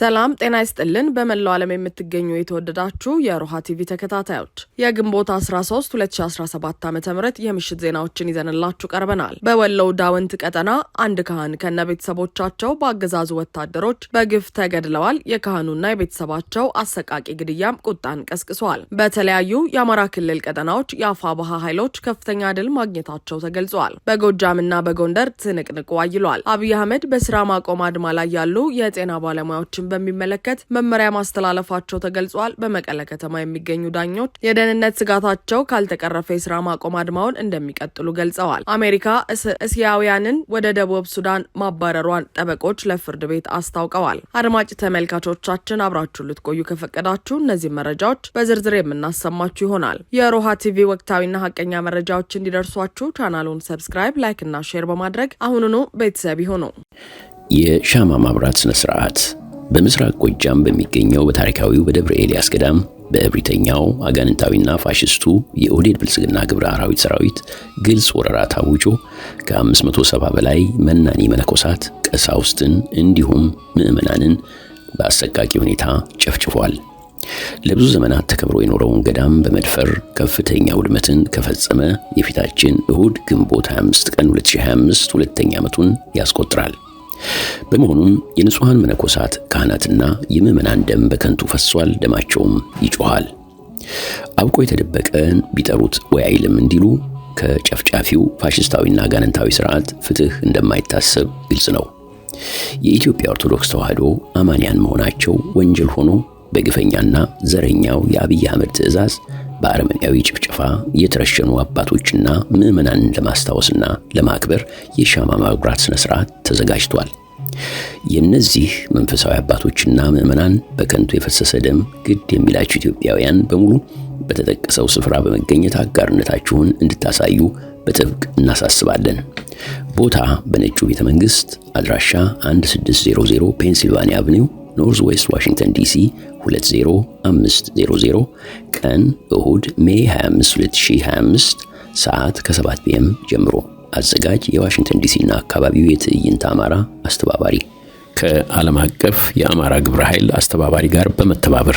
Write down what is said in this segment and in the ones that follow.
ሰላም ጤና ይስጥልን። በመላው ዓለም የምትገኙ የተወደዳችሁ የሮሃ ቲቪ ተከታታዮች የግንቦት 13 2017 ዓ ም የምሽት ዜናዎችን ይዘንላችሁ ቀርበናል። በወሎው ዳውንት ቀጠና አንድ ካህን ከነ ቤተሰቦቻቸው በአገዛዙ ወታደሮች በግፍ ተገድለዋል። የካህኑና የቤተሰባቸው አሰቃቂ ግድያም ቁጣን ቀስቅሷል። በተለያዩ የአማራ ክልል ቀጠናዎች የአፋ ባሃ ኃይሎች ከፍተኛ ድል ማግኘታቸው ተገልጿል። በጎጃምና በጎንደር ትንቅንቁ አይሏል። አብይ አህመድ በስራ ማቆም አድማ ላይ ያሉ የጤና ባለሙያዎችን በሚመለከት መመሪያ ማስተላለፋቸው ተገልጿል። በመቀለ ከተማ የሚገኙ ዳኞች የደህንነት ስጋታቸው ካልተቀረፈ የስራ ማቆም አድማውን እንደሚቀጥሉ ገልጸዋል። አሜሪካ እስያውያንን ወደ ደቡብ ሱዳን ማባረሯን ጠበቆች ለፍርድ ቤት አስታውቀዋል። አድማጭ ተመልካቾቻችን አብራችሁ ልትቆዩ ከፈቀዳችሁ እነዚህ መረጃዎች በዝርዝር የምናሰማችሁ ይሆናል። የሮሃ ቲቪ ወቅታዊና ሀቀኛ መረጃዎች እንዲደርሷችሁ ቻናሉን ሰብስክራይብ፣ ላይክ እና ሼር በማድረግ አሁኑኑ ቤተሰብ ይሁኑ። የሻማ ማብራት ስነስርዓት በምስራቅ ጎጃም በሚገኘው በታሪካዊው በደብረ ኤልያስ ገዳም በእብሪተኛው አጋንንታዊና ፋሽስቱ የኦዴድ ብልጽግና ግብረ አራዊት ሰራዊት ግልጽ ወረራ ታውጆ ከ570 በላይ መናኒ መነኮሳት ቀሳውስትን፣ እንዲሁም ምዕመናንን በአሰቃቂ ሁኔታ ጨፍጭፏል። ለብዙ ዘመናት ተከብሮ የኖረውን ገዳም በመድፈር ከፍተኛ ውድመትን ከፈጸመ የፊታችን እሁድ ግንቦት 25 ቀን 2025 ሁለተኛ ዓመቱን ያስቆጥራል። በመሆኑም የንጹሐን መነኮሳት ካህናትና የምዕመናን ደም በከንቱ ፈሷል፣ ደማቸውም ይጮኋል። አውቆ የተደበቀን ቢጠሩት ወይ አይልም እንዲሉ ከጨፍጫፊው ፋሽስታዊና ጋነንታዊ ስርዓት ፍትህ እንደማይታሰብ ግልጽ ነው። የኢትዮጵያ ኦርቶዶክስ ተዋሕዶ አማንያን መሆናቸው ወንጀል ሆኖ በግፈኛና ዘረኛው የአብይ አህመድ ትዕዛዝ በአረመኔያዊ ጭፍጨፋ የተረሸኑ አባቶችና ምዕመናንን ለማስታወስና ለማክበር የሻማ ማብራት ሥነ ሥርዓት ተዘጋጅቷል። የእነዚህ መንፈሳዊ አባቶችና ምዕመናን በከንቱ የፈሰሰ ደም ግድ የሚላችሁ ኢትዮጵያውያን በሙሉ በተጠቀሰው ስፍራ በመገኘት አጋርነታችሁን እንድታሳዩ በጥብቅ እናሳስባለን። ቦታ በነጩ ቤተ መንግሥት፣ አድራሻ 1600 ፔንሲልቫኒያ አቭኒው ኖርዝ ዌስት ዋሽንግተን ዲሲ 20500 ቀን እሁድ ሜ 25 2025 ሰዓት ከ7 ፒኤም ጀምሮ። አዘጋጅ የዋሽንግተን ዲሲና አካባቢው የትዕይንት አማራ አስተባባሪ ከዓለም አቀፍ የአማራ ግብረ ኃይል አስተባባሪ ጋር በመተባበር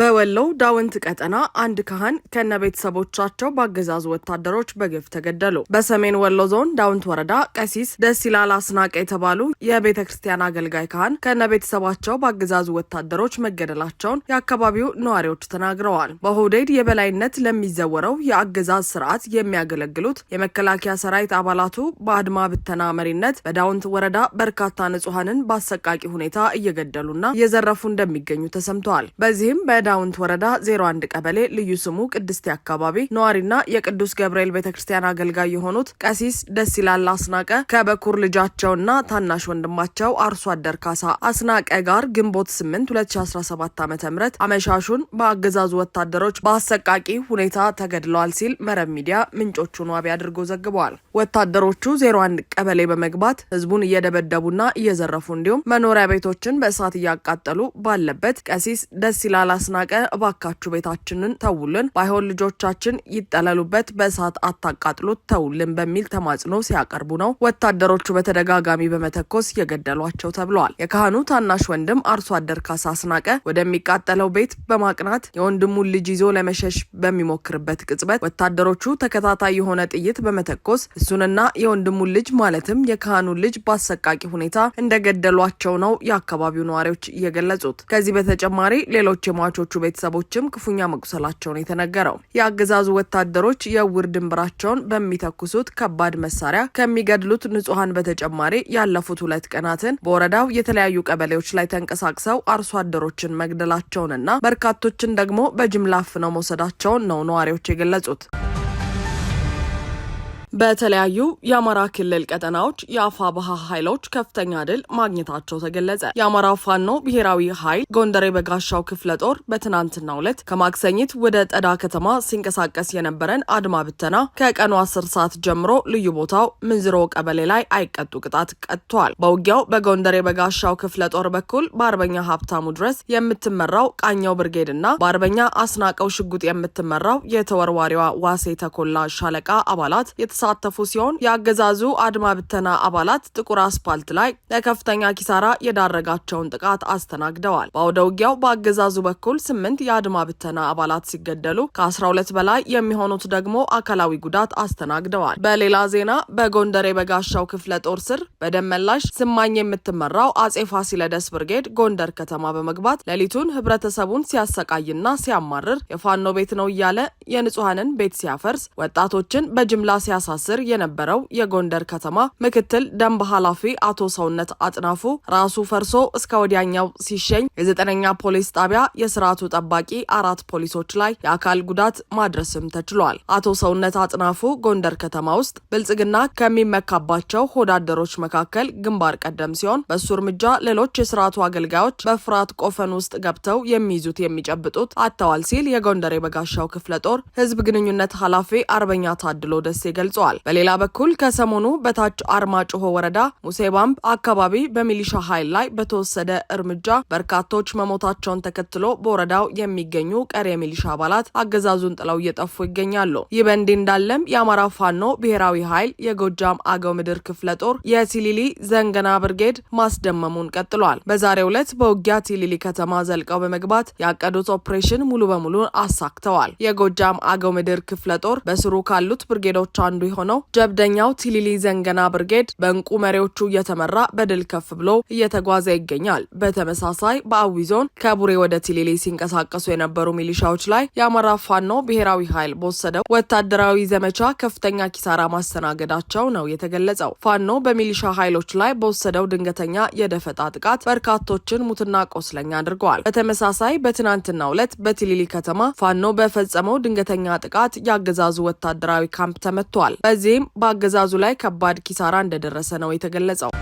በወሎ ዳውንት ቀጠና አንድ ካህን ከነ ቤተሰቦቻቸው በአገዛዙ ወታደሮች በግፍ ተገደሉ። በሰሜን ወሎ ዞን ዳውንት ወረዳ ቀሲስ ይላል አስናቀ የተባሉ የቤተ ክርስቲያን አገልጋይ ካህን ከነ ቤተሰባቸው በአገዛዙ ወታደሮች መገደላቸውን የአካባቢው ነዋሪዎች ተናግረዋል። በሆዴድ የበላይነት ለሚዘወረው የአገዛዝ ስርዓት የሚያገለግሉት የመከላከያ ሰራዊት አባላቱ በአድማ ብተና መሪነት በዳውንት ወረዳ በርካታ ንጹሐንን በአሰቃቂ ሁኔታ እየገደሉና እየዘረፉ እንደሚገኙ ተሰምተዋል። በዚህም የዳውንት ወረዳ 01 ቀበሌ ልዩ ስሙ ቅድስቴ አካባቢ ነዋሪና የቅዱስ ገብርኤል ቤተ ክርስቲያን አገልጋይ የሆኑት ቀሲስ ደስ ይላል አስናቀ ከበኩር ልጃቸውና ታናሽ ወንድማቸው አርሶ አደር ካሳ አስናቀ ጋር ግንቦት 8 2017 ዓ ም አመሻሹን በአገዛዙ ወታደሮች በአሰቃቂ ሁኔታ ተገድለዋል ሲል መረብ ሚዲያ ምንጮቹን ዋቢ አድርጎ ዘግበዋል። ወታደሮቹ 01 ቀበሌ በመግባት ህዝቡን እየደበደቡና እየዘረፉ እንዲሁም መኖሪያ ቤቶችን በእሳት እያቃጠሉ ባለበት ቀሲስ ደስ ይላል አስናቀ እየተናቀ እባካችሁ ቤታችንን ተውልን፣ ባይሆን ልጆቻችን ይጠለሉበት፣ በእሳት አታቃጥሉት፣ ተውልን በሚል ተማጽኖ ሲያቀርቡ ነው ወታደሮቹ በተደጋጋሚ በመተኮስ የገደሏቸው ተብለዋል። የካህኑ ታናሽ ወንድም አርሶ አደር ካሳ አስናቀ ወደሚቃጠለው ቤት በማቅናት የወንድሙን ልጅ ይዞ ለመሸሽ በሚሞክርበት ቅጽበት ወታደሮቹ ተከታታይ የሆነ ጥይት በመተኮስ እሱንና የወንድሙን ልጅ ማለትም የካህኑን ልጅ በአሰቃቂ ሁኔታ እንደገደሏቸው ነው የአካባቢው ነዋሪዎች እየገለጹት። ከዚህ በተጨማሪ ሌሎች የሟቾ የሟቾቹ ቤተሰቦችም ክፉኛ መቁሰላቸውን የተነገረው የአገዛዙ ወታደሮች የውር ድንብራቸውን በሚተኩሱት ከባድ መሳሪያ ከሚገድሉት ንጹሐን በተጨማሪ ያለፉት ሁለት ቀናትን በወረዳው የተለያዩ ቀበሌዎች ላይ ተንቀሳቅሰው አርሶ አደሮችን መግደላቸውንና በርካቶችን ደግሞ በጅምላ አፍነው መውሰዳቸውን ነው ነዋሪዎች የገለጹት። በተለያዩ የአማራ ክልል ቀጠናዎች የአፋ ባሃ ኃይሎች ከፍተኛ ድል ማግኘታቸው ተገለጸ። የአማራ ፋኖ ብሔራዊ ኃይል ጎንደሬ በጋሻው ክፍለ ጦር በትናንትናው ዕለት ከማክሰኝት ወደ ጠዳ ከተማ ሲንቀሳቀስ የነበረን አድማ ብተና ከቀኑ አስር ሰዓት ጀምሮ ልዩ ቦታው ምንዝሮ ቀበሌ ላይ አይቀጡ ቅጣት ቀጥቷል። በውጊያው በጎንደሬ በጋሻው ክፍለ ጦር በኩል በአርበኛ ሀብታሙ ድረስ የምትመራው ቃኘው ብርጌድ እና በአርበኛ አስናቀው ሽጉጥ የምትመራው የተወርዋሪዋ ዋሴ ተኮላ ሻለቃ አባላት የተሳ የተሳተፉ ሲሆን የአገዛዙ አድማ ብተና አባላት ጥቁር አስፓልት ላይ ለከፍተኛ ኪሳራ የዳረጋቸውን ጥቃት አስተናግደዋል። በአውደ ውጊያው በአገዛዙ በኩል ስምንት የአድማ ብተና አባላት ሲገደሉ ከ12 በላይ የሚሆኑት ደግሞ አካላዊ ጉዳት አስተናግደዋል። በሌላ ዜና በጎንደር የበጋሻው ክፍለ ጦር ስር በደመላሽ ስማኝ የምትመራው አጼ ፋሲለደስ ብርጌድ ጎንደር ከተማ በመግባት ሌሊቱን ህብረተሰቡን ሲያሰቃይና ሲያማርር የፋኖ ቤት ነው እያለ የንጹሐንን ቤት ሲያፈርስ ወጣቶችን በጅምላ ሲያሳ ስር የነበረው የጎንደር ከተማ ምክትል ደንብ ኃላፊ አቶ ሰውነት አጥናፉ ራሱ ፈርሶ እስከ ወዲያኛው ሲሸኝ የዘጠነኛ ፖሊስ ጣቢያ የስርዓቱ ጠባቂ አራት ፖሊሶች ላይ የአካል ጉዳት ማድረስም ተችሏል። አቶ ሰውነት አጥናፉ ጎንደር ከተማ ውስጥ ብልጽግና ከሚመካባቸው ሆዳደሮች መካከል ግንባር ቀደም ሲሆን በእሱ እርምጃ ሌሎች የስርዓቱ አገልጋዮች በፍርሃት ቆፈን ውስጥ ገብተው የሚይዙት የሚጨብጡት አጥተዋል ሲል የጎንደር የበጋሻው ክፍለ ጦር ህዝብ ግንኙነት ኃላፊ አርበኛ ታድሎ ደሴ ገልጿል። ገልጿል። በሌላ በኩል ከሰሞኑ በታች አርማጭሆ ወረዳ ሙሴ ባምብ አካባቢ በሚሊሻ ኃይል ላይ በተወሰደ እርምጃ በርካቶች መሞታቸውን ተከትሎ በወረዳው የሚገኙ ቀሪ የሚሊሻ አባላት አገዛዙን ጥለው እየጠፉ ይገኛሉ። ይህ በእንዲህ እንዳለም የአማራ ፋኖ ብሔራዊ ኃይል የጎጃም አገው ምድር ክፍለ ጦር የሲሊሊ ዘንገና ብርጌድ ማስደመሙን ቀጥሏል። በዛሬው ዕለት በውጊያ ሲሊሊ ከተማ ዘልቀው በመግባት ያቀዱት ኦፕሬሽን ሙሉ በሙሉ አሳክተዋል። የጎጃም አገው ምድር ክፍለ ጦር በስሩ ካሉት ብርጌዶች አንዱ የሆነው ጀብደኛው ቲሊሊ ዘንገና ብርጌድ በእንቁ መሪዎቹ እየተመራ በድል ከፍ ብሎ እየተጓዘ ይገኛል። በተመሳሳይ በአዊ ዞን ከቡሬ ወደ ቲሊሊ ሲንቀሳቀሱ የነበሩ ሚሊሻዎች ላይ የአማራ ፋኖ ብሔራዊ ኃይል በወሰደው ወታደራዊ ዘመቻ ከፍተኛ ኪሳራ ማስተናገዳቸው ነው የተገለጸው። ፋኖ በሚሊሻ ኃይሎች ላይ በወሰደው ድንገተኛ የደፈጣ ጥቃት በርካቶችን ሙትና ቆስለኛ አድርገዋል። በተመሳሳይ በትናንትናው ዕለት በቲሊሊ ከተማ ፋኖ በፈጸመው ድንገተኛ ጥቃት ያገዛዙ ወታደራዊ ካምፕ ተመቷል። በዚህም በአገዛዙ ላይ ከባድ ኪሳራ እንደደረሰ ነው የተገለጸው።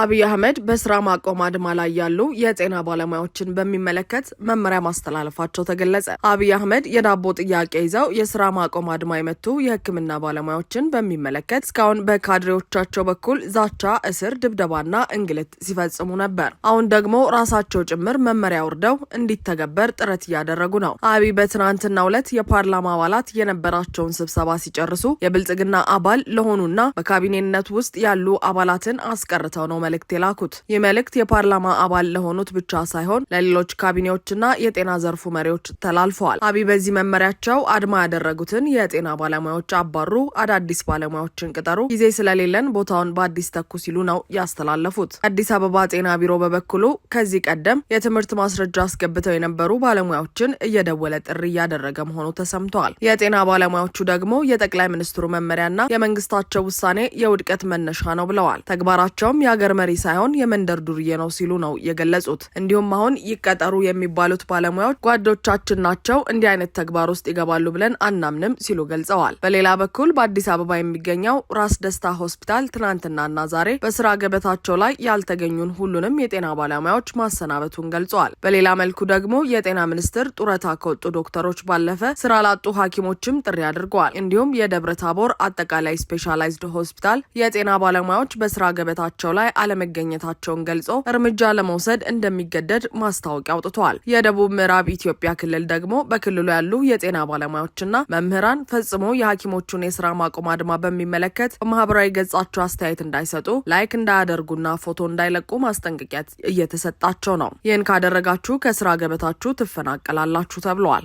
አብይ አህመድ በስራ ማቆም አድማ ላይ ያሉ የጤና ባለሙያዎችን በሚመለከት መመሪያ ማስተላለፋቸው ተገለጸ። አብይ አህመድ የዳቦ ጥያቄ ይዘው የስራ ማቆም አድማ የመቱ የሕክምና ባለሙያዎችን በሚመለከት እስካሁን በካድሬዎቻቸው በኩል ዛቻ፣ እስር፣ ድብደባና እንግልት ሲፈጽሙ ነበር። አሁን ደግሞ ራሳቸው ጭምር መመሪያ ወርደው እንዲተገበር ጥረት እያደረጉ ነው። አብይ በትናንትናው ዕለት የፓርላማ አባላት የነበራቸውን ስብሰባ ሲጨርሱ የብልጽግና አባል ለሆኑና በካቢኔነት ውስጥ ያሉ አባላትን አስቀርተው ነው መልእክት የላኩት። ይህ መልእክት የፓርላማ አባል ለሆኑት ብቻ ሳይሆን ለሌሎች ካቢኔዎችና የጤና ዘርፉ መሪዎች ተላልፈዋል። አብይ በዚህ መመሪያቸው አድማ ያደረጉትን የጤና ባለሙያዎች አባሩ፣ አዳዲስ ባለሙያዎችን ቅጠሩ፣ ጊዜ ስለሌለን ቦታውን በአዲስ ተኩ ሲሉ ነው ያስተላለፉት። አዲስ አበባ ጤና ቢሮ በበኩሉ ከዚህ ቀደም የትምህርት ማስረጃ አስገብተው የነበሩ ባለሙያዎችን እየደወለ ጥሪ እያደረገ መሆኑ ተሰምተዋል። የጤና ባለሙያዎቹ ደግሞ የጠቅላይ ሚኒስትሩ መመሪያና የመንግስታቸው ውሳኔ የውድቀት መነሻ ነው ብለዋል። ተግባራቸውም የሀገር የሀገር መሪ ሳይሆን የመንደር ዱርዬ ነው ሲሉ ነው የገለጹት። እንዲሁም አሁን ይቀጠሩ የሚባሉት ባለሙያዎች ጓዶቻችን ናቸው፣ እንዲህ አይነት ተግባር ውስጥ ይገባሉ ብለን አናምንም ሲሉ ገልጸዋል። በሌላ በኩል በአዲስ አበባ የሚገኘው ራስ ደስታ ሆስፒታል ትናንትናና ዛሬ በስራ ገበታቸው ላይ ያልተገኙን ሁሉንም የጤና ባለሙያዎች ማሰናበቱን ገልጸዋል። በሌላ መልኩ ደግሞ የጤና ሚኒስትር ጡረታ ከወጡ ዶክተሮች ባለፈ ስራ ላጡ ሐኪሞችም ጥሪ አድርገዋል። እንዲሁም የደብረ ታቦር አጠቃላይ ስፔሻላይዝድ ሆስፒታል የጤና ባለሙያዎች በስራ ገበታቸው ላይ አለመገኘታቸውን ገልጾ እርምጃ ለመውሰድ እንደሚገደድ ማስታወቂያ አውጥቷል። የደቡብ ምዕራብ ኢትዮጵያ ክልል ደግሞ በክልሉ ያሉ የጤና ባለሙያዎችና መምህራን ፈጽሞ የሐኪሞቹን የስራ ማቆም አድማ በሚመለከት በማህበራዊ ገጻቸው አስተያየት እንዳይሰጡ፣ ላይክ እንዳያደርጉና ፎቶ እንዳይለቁ ማስጠንቀቂያ እየተሰጣቸው ነው። ይህን ካደረጋችሁ ከስራ ገበታችሁ ትፈናቀላላችሁ ተብለዋል።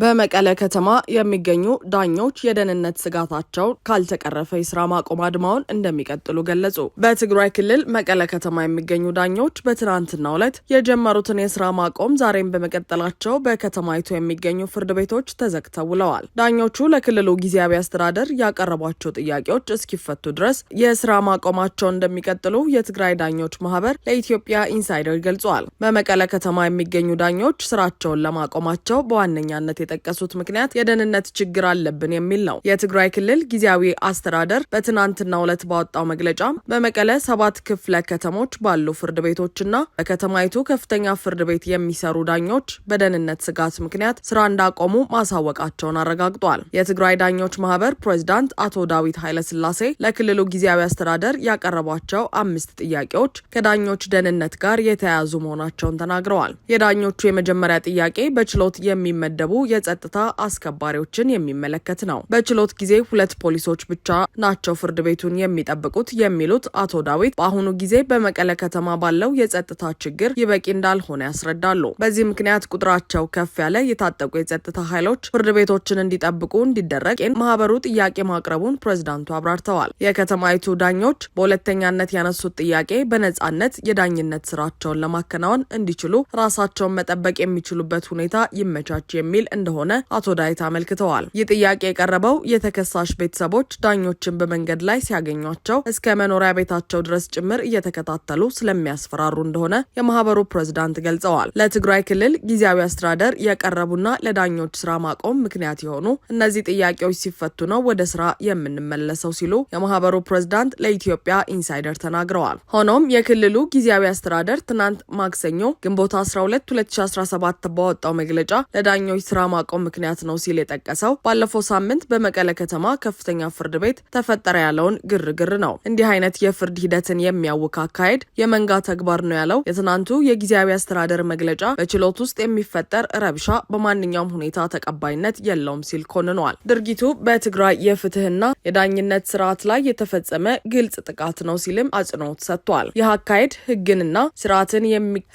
በመቀለ ከተማ የሚገኙ ዳኞች የደህንነት ስጋታቸው ካልተቀረፈ የስራ ማቆም አድማውን እንደሚቀጥሉ ገለጹ። በትግራይ ክልል መቀለ ከተማ የሚገኙ ዳኞች በትናንትናው ዕለት የጀመሩትን የስራ ማቆም ዛሬም በመቀጠላቸው በከተማይቱ የሚገኙ ፍርድ ቤቶች ተዘግተው ውለዋል። ዳኞቹ ለክልሉ ጊዜያዊ አስተዳደር ያቀረቧቸው ጥያቄዎች እስኪፈቱ ድረስ የስራ ማቆማቸው እንደሚቀጥሉ የትግራይ ዳኞች ማህበር ለኢትዮጵያ ኢንሳይደር ገልጿል። በመቀለ ከተማ የሚገኙ ዳኞች ስራቸውን ለማቆማቸው በዋነኛነት የጠቀሱት ምክንያት የደህንነት ችግር አለብን የሚል ነው። የትግራይ ክልል ጊዜያዊ አስተዳደር በትናንትናው ዕለት ባወጣው መግለጫ በመቀለ ሰባት ክፍለ ከተሞች ባሉ ፍርድ ቤቶችና በከተማይቱ ከፍተኛ ፍርድ ቤት የሚሰሩ ዳኞች በደህንነት ስጋት ምክንያት ስራ እንዳቆሙ ማሳወቃቸውን አረጋግጧል። የትግራይ ዳኞች ማህበር ፕሬዚዳንት አቶ ዳዊት ኃይለስላሴ ለክልሉ ጊዜያዊ አስተዳደር ያቀረቧቸው አምስት ጥያቄዎች ከዳኞች ደህንነት ጋር የተያያዙ መሆናቸውን ተናግረዋል። የዳኞቹ የመጀመሪያ ጥያቄ በችሎት የሚመደቡ የጸጥታ አስከባሪዎችን የሚመለከት ነው። በችሎት ጊዜ ሁለት ፖሊሶች ብቻ ናቸው ፍርድ ቤቱን የሚጠብቁት የሚሉት አቶ ዳዊት በአሁኑ ጊዜ በመቀለ ከተማ ባለው የጸጥታ ችግር ይበቂ እንዳልሆነ ያስረዳሉ። በዚህ ምክንያት ቁጥራቸው ከፍ ያለ የታጠቁ የጸጥታ ኃይሎች ፍርድ ቤቶችን እንዲጠብቁ እንዲደረግ ማህበሩ ጥያቄ ማቅረቡን ፕሬዝዳንቱ አብራርተዋል። የከተማይቱ ዳኞች በሁለተኛነት ያነሱት ጥያቄ በነጻነት የዳኝነት ስራቸውን ለማከናወን እንዲችሉ ራሳቸውን መጠበቅ የሚችሉበት ሁኔታ ይመቻች የሚል እንደሆነ አቶ ዳዊት አመልክተዋል። ይህ ጥያቄ የቀረበው የተከሳሽ ቤተሰቦች ዳኞችን በመንገድ ላይ ሲያገኟቸው እስከ መኖሪያ ቤታቸው ድረስ ጭምር እየተከታተሉ ስለሚያስፈራሩ እንደሆነ የማህበሩ ፕሬዝዳንት ገልጸዋል። ለትግራይ ክልል ጊዜያዊ አስተዳደር የቀረቡና ለዳኞች ስራ ማቆም ምክንያት የሆኑ እነዚህ ጥያቄዎች ሲፈቱ ነው ወደ ስራ የምንመለሰው ሲሉ የማህበሩ ፕሬዝዳንት ለኢትዮጵያ ኢንሳይደር ተናግረዋል። ሆኖም የክልሉ ጊዜያዊ አስተዳደር ትናንት ማክሰኞ ግንቦት 12 2017 በወጣው መግለጫ ለዳኞች ስራ ማቆም ምክንያት ነው ሲል የጠቀሰው ባለፈው ሳምንት በመቀለ ከተማ ከፍተኛ ፍርድ ቤት ተፈጠረ ያለውን ግርግር ነው። እንዲህ አይነት የፍርድ ሂደትን የሚያውክ አካሄድ የመንጋ ተግባር ነው ያለው የትናንቱ የጊዜያዊ አስተዳደር መግለጫ በችሎት ውስጥ የሚፈጠር ረብሻ በማንኛውም ሁኔታ ተቀባይነት የለውም ሲል ኮንኗል። ድርጊቱ በትግራይ የፍትህና የዳኝነት ስርዓት ላይ የተፈጸመ ግልጽ ጥቃት ነው ሲልም አጽንኦት ሰጥቷል። ይህ አካሄድ ህግንና ስርዓትን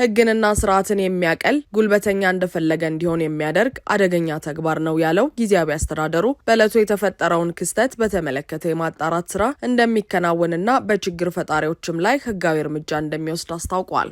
ህግንና ስርዓትን የሚያቀል ጉልበተኛ እንደፈለገ እንዲሆን የሚያደርግ አደ አደገኛ ተግባር ነው ያለው ጊዜያዊ አስተዳደሩ በዕለቱ የተፈጠረውን ክስተት በተመለከተ የማጣራት ስራ እንደሚከናወንና በችግር ፈጣሪዎችም ላይ ህጋዊ እርምጃ እንደሚወስድ አስታውቋል።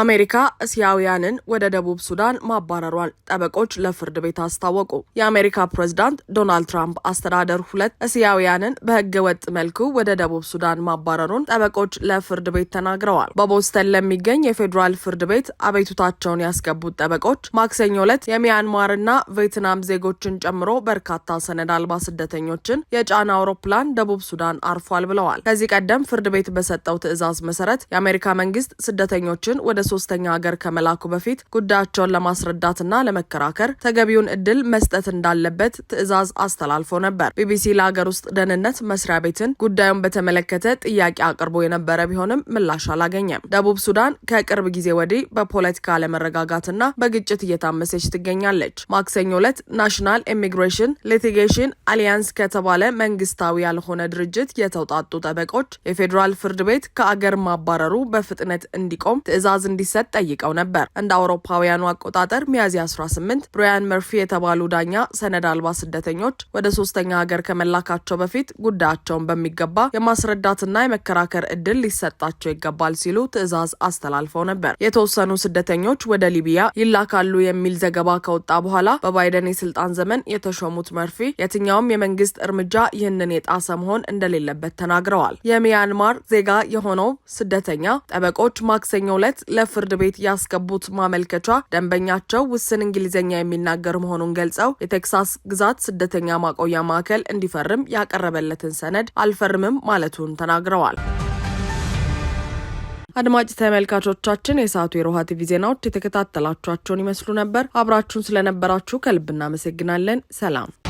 አሜሪካ እስያውያንን ወደ ደቡብ ሱዳን ማባረሯን ጠበቆች ለፍርድ ቤት አስታወቁ። የአሜሪካ ፕሬዝዳንት ዶናልድ ትራምፕ አስተዳደር ሁለት እስያውያንን በህገ ወጥ መልኩ ወደ ደቡብ ሱዳን ማባረሩን ጠበቆች ለፍርድ ቤት ተናግረዋል። በቦስተን ለሚገኝ የፌዴራል ፍርድ ቤት አቤቱታቸውን ያስገቡት ጠበቆች ማክሰኞ ዕለት የሚያንማርና ቬትናም ዜጎችን ጨምሮ በርካታ ሰነድ አልባ ስደተኞችን የጫነ አውሮፕላን ደቡብ ሱዳን አርፏል ብለዋል። ከዚህ ቀደም ፍርድ ቤት በሰጠው ትዕዛዝ መሰረት የአሜሪካ መንግስት ስደተኞችን ወደ ወደ ሶስተኛ ሀገር ከመላኩ በፊት ጉዳያቸውን ለማስረዳትና ለመከራከር ተገቢውን እድል መስጠት እንዳለበት ትዕዛዝ አስተላልፎ ነበር። ቢቢሲ ለሀገር ውስጥ ደህንነት መስሪያ ቤትን ጉዳዩን በተመለከተ ጥያቄ አቅርቦ የነበረ ቢሆንም ምላሽ አላገኘም። ደቡብ ሱዳን ከቅርብ ጊዜ ወዲህ በፖለቲካ አለመረጋጋትና በግጭት እየታመሰች ትገኛለች። ማክሰኞ ዕለት ናሽናል ኢሚግሬሽን ሊቲጌሽን አሊያንስ ከተባለ መንግስታዊ ያልሆነ ድርጅት የተውጣጡ ጠበቆች የፌዴራል ፍርድ ቤት ከአገር ማባረሩ በፍጥነት እንዲቆም ትዕዛዝ እንዲሰጥ ጠይቀው ነበር። እንደ አውሮፓውያኑ አቆጣጠር ሚያዝያ 18 ብራያን መርፊ የተባሉ ዳኛ ሰነድ አልባ ስደተኞች ወደ ሶስተኛ ሀገር ከመላካቸው በፊት ጉዳያቸውን በሚገባ የማስረዳትና የመከራከር እድል ሊሰጣቸው ይገባል ሲሉ ትዕዛዝ አስተላልፈው ነበር። የተወሰኑ ስደተኞች ወደ ሊቢያ ይላካሉ የሚል ዘገባ ከወጣ በኋላ በባይደን የስልጣን ዘመን የተሾሙት መርፊ የትኛውም የመንግስት እርምጃ ይህንን የጣሰ መሆን እንደሌለበት ተናግረዋል። የሚያንማር ዜጋ የሆነው ስደተኛ ጠበቆች ማክሰኞ ዕለት ለፍርድ ቤት ያስገቡት ማመልከቻ ደንበኛቸው ውስን እንግሊዝኛ የሚናገር መሆኑን ገልጸው የቴክሳስ ግዛት ስደተኛ ማቆያ ማዕከል እንዲፈርም ያቀረበለትን ሰነድ አልፈርምም ማለቱን ተናግረዋል። አድማጭ ተመልካቾቻችን የሰዓቱ የሮሃ ቲቪ ዜናዎች የተከታተላችኋቸውን ይመስሉ ነበር። አብራችሁን ስለነበራችሁ ከልብ እናመሰግናለን። ሰላም